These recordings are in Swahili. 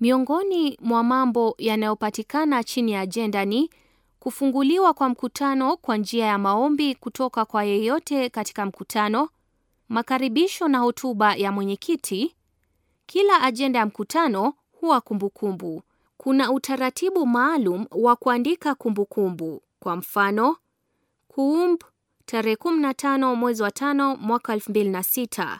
Miongoni mwa mambo yanayopatikana chini ya ajenda ni kufunguliwa kwa mkutano kwa njia ya maombi kutoka kwa yeyote katika mkutano, makaribisho na hotuba ya mwenyekiti. Kila ajenda ya mkutano huwa kumbukumbu kumbu. Kuna utaratibu maalum wa kuandika kumbukumbu Kwa mfano, kumb tarehe 15 mwezi wa 5 mwaka 2006.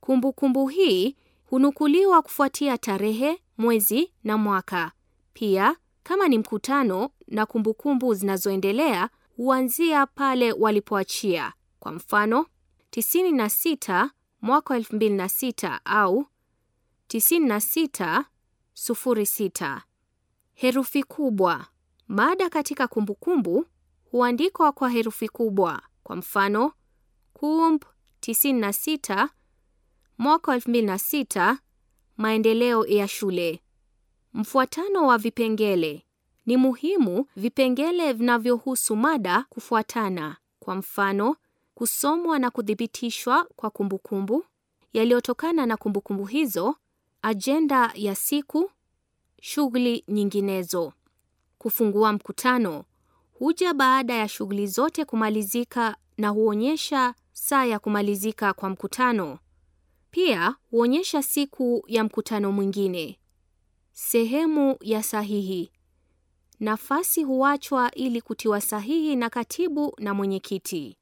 Kumbukumbu hii hunukuliwa kufuatia tarehe mwezi na mwaka. Pia kama ni mkutano na kumbukumbu zinazoendelea huanzia pale walipoachia. Kwa mfano, 96 mwaka 2006 au 9606. Herufi kubwa. Mada katika kumbukumbu huandikwa kwa herufi kubwa. Kwa mfano, kumb 96 mwaka 2006 Maendeleo ya shule. Mfuatano wa vipengele ni muhimu vipengele vinavyohusu mada kufuatana. Kwa mfano, kusomwa na kuthibitishwa kwa kumbukumbu, yaliyotokana na kumbukumbu hizo, ajenda ya siku, shughuli nyinginezo. Kufungua mkutano huja baada ya shughuli zote kumalizika na huonyesha saa ya kumalizika kwa mkutano. Pia huonyesha siku ya mkutano mwingine. Sehemu ya sahihi. Nafasi huachwa ili kutiwa sahihi na katibu na mwenyekiti.